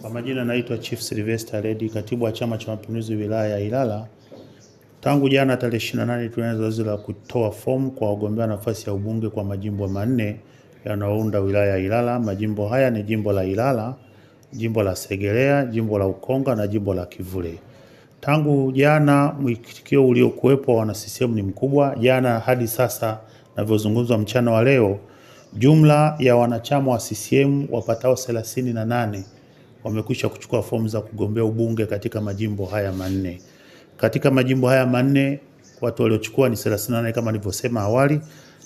Kwa majina naitwa Chief Sylvester Ledi, katibu wa Chama cha Mapinduzi wilaya ya Ilala. Tangu jana tarehe 28 tulianza zoezi la kutoa fomu kwa wagombea nafasi ya ubunge kwa majimbo manne yanayounda wilaya ya Ilala. Majimbo haya ni jimbo la Ilala, jimbo la Segerea, jimbo la Ukonga na jimbo la Kivule. Tangu jana mwitikio uliokuwepo wa wana CCM ni mkubwa. Jana hadi sasa navyozungumzwa, mchana wa leo, jumla ya wanachama wa CCM wapatao 38 wamekwisha kuchukua fomu za kugombea ubunge katika majimbo haya manne. Katika majimbo haya manne watu waliochukua ni 38 kama nilivyosema awali,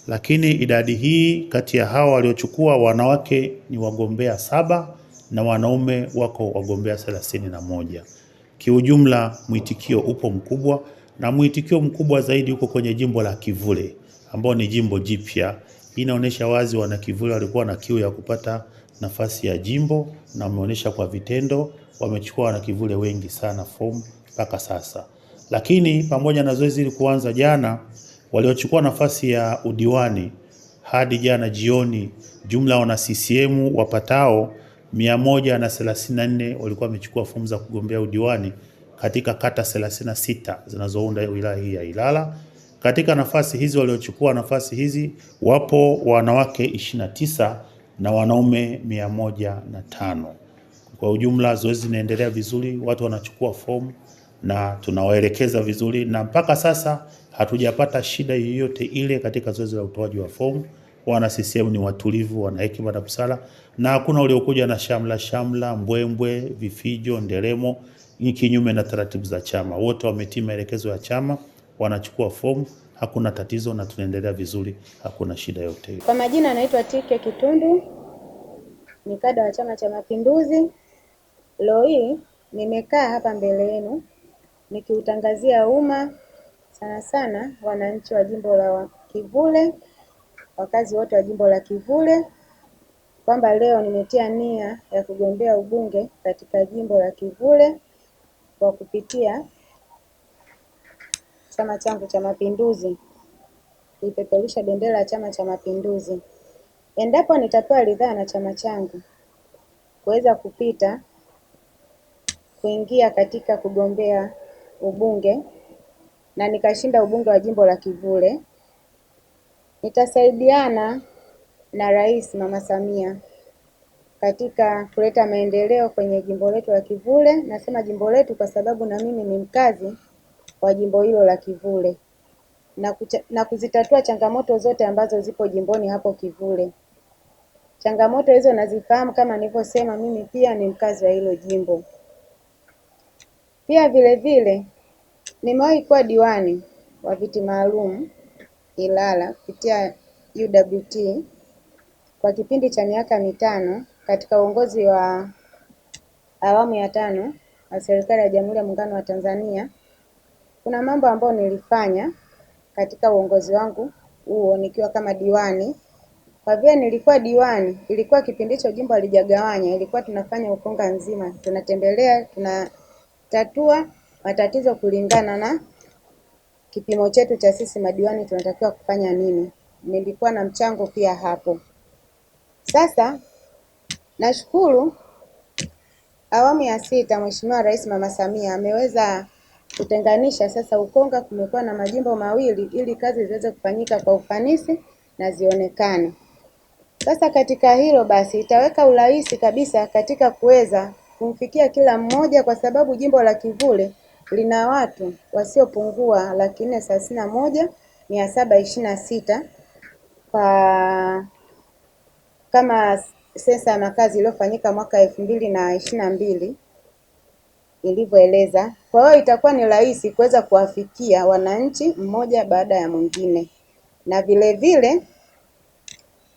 lakini idadi hii kati ya hawa waliochukua wanawake ni wagombea saba na wanaume wako wagombea thelathini na moja. Kiujumla mwitikio upo mkubwa, na mwitikio mkubwa zaidi uko kwenye jimbo la Kivule ambao ni jimbo jipya. Inaonyesha wazi wana Kivule walikuwa na kiu ya kupata nafasi ya jimbo na wameonyesha kwa vitendo, wamechukua wanakivule wengi sana fomu mpaka sasa. Lakini pamoja na zoezi hili kuanza jana, waliochukua nafasi ya udiwani hadi jana jioni, jumla wana CCM wapatao 134 walikuwa wamechukua fomu za kugombea udiwani katika kata 36 zinazounda wilaya hii ya Ilala. Katika nafasi hizi waliochukua nafasi hizi wapo wanawake 29 na wanaume mia moja na tano. Kwa ujumla zoezi linaendelea vizuri, watu wanachukua fomu na tunawaelekeza vizuri, na mpaka sasa hatujapata shida yoyote ile katika zoezi la utoaji wa fomu. Wana CCM ni watulivu, wana hekima na busara, na hakuna uliokuja na shamla shamla, mbwembwe, vifijo, nderemo kinyume na taratibu za chama. Wote wametii maelekezo ya chama, wanachukua fomu hakuna tatizo na tunaendelea vizuri, hakuna shida yote. Kwa majina anaitwa Tike Kitundu, ni kada wa Chama cha Mapinduzi. Leo hii nimekaa hapa mbele yenu nikiutangazia umma, sana sana wananchi wa jimbo la Kivule, wakazi wote wa jimbo la Kivule kwamba leo nimetia nia ya kugombea ubunge katika jimbo la Kivule kwa kupitia Chama changu cha Mapinduzi kuipeperusha bendera ya Chama cha Mapinduzi endapo nitapewa ridhaa na chama changu kuweza kupita kuingia katika kugombea ubunge na nikashinda ubunge wa jimbo la Kivule, nitasaidiana na Rais Mama Samia katika kuleta maendeleo kwenye jimbo letu la Kivule. Nasema jimbo letu kwa sababu na mimi ni mkazi wa jimbo hilo la Kivule na kuzitatua changamoto zote ambazo zipo jimboni hapo Kivule. Changamoto hizo nazifahamu kama nilivyosema mimi pia ni mkazi wa hilo jimbo. Pia vilevile nimewahi kuwa diwani wa viti maalum Ilala kupitia UWT kwa kipindi cha miaka mitano katika uongozi wa awamu ya tano wa serikali ya Jamhuri ya Muungano wa Tanzania kuna mambo ambayo nilifanya katika uongozi wangu huo nikiwa kama diwani. Kwa vile nilikuwa diwani, ilikuwa kipindi hicho jimbo alijagawanya ilikuwa tunafanya ukonga nzima, tunatembelea, tunatatua matatizo kulingana na kipimo chetu cha sisi madiwani tunatakiwa kufanya nini. Nilikuwa na mchango pia hapo. Sasa nashukuru awamu ya sita Mheshimiwa Rais Mama Samia ameweza kutenganisha sasa Ukonga kumekuwa na majimbo mawili ili kazi ziweze kufanyika kwa ufanisi na zionekane. Sasa katika hilo basi itaweka urahisi kabisa katika kuweza kumfikia kila mmoja kwa sababu jimbo la Kivule lina watu wasiopungua laki nne thelathini na moja mia saba ishirini na sita kwa kama sensa ya makazi iliyofanyika mwaka elfu mbili na ishirini na mbili ilivyoeleza kwa hiyo itakuwa ni rahisi kuweza kuwafikia wananchi mmoja baada ya mwingine, na vilevile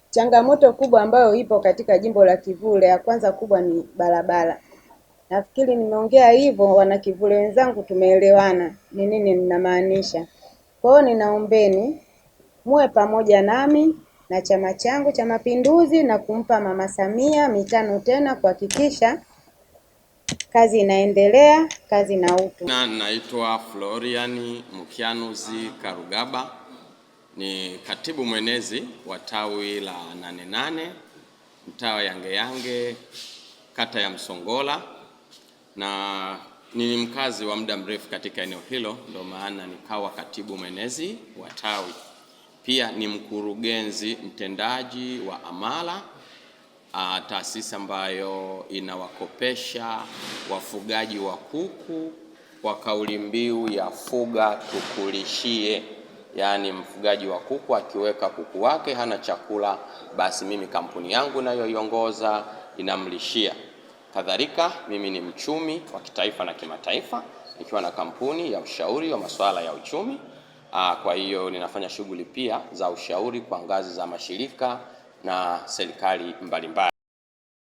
changamoto kubwa ambayo ipo katika jimbo la Kivule ya kwanza kubwa ni barabara. Nafikiri nimeongea hivyo, wanakivule wenzangu, tumeelewana ni nini ninamaanisha. Kwa hiyo ninaombeni muwe pamoja nami na chama changu cha Mapinduzi na kumpa Mama Samia mitano tena kuhakikisha Kazi inaendelea, kazi na utu. Na naitwa Florian Mukianuzi Karugaba ni katibu mwenezi wa tawi la Nane Nane mtaa wa Yange Yange kata ya Msongola na ni mkazi wa muda mrefu katika eneo hilo, ndio maana nikawa katibu mwenezi wa tawi. Pia ni mkurugenzi mtendaji wa Amala uh, taasisi ambayo inawakopesha wafugaji wa kuku kwa kauli mbiu ya fuga tukulishie, yaani mfugaji wa kuku akiweka kuku wake hana chakula, basi mimi kampuni yangu inayoiongoza inamlishia. Kadhalika mimi ni mchumi wa kitaifa na kimataifa nikiwa na kampuni ya ushauri wa masuala ya uchumi. Aa, ah, kwa hiyo ninafanya shughuli pia za ushauri kwa ngazi za mashirika na serikali mbalimbali.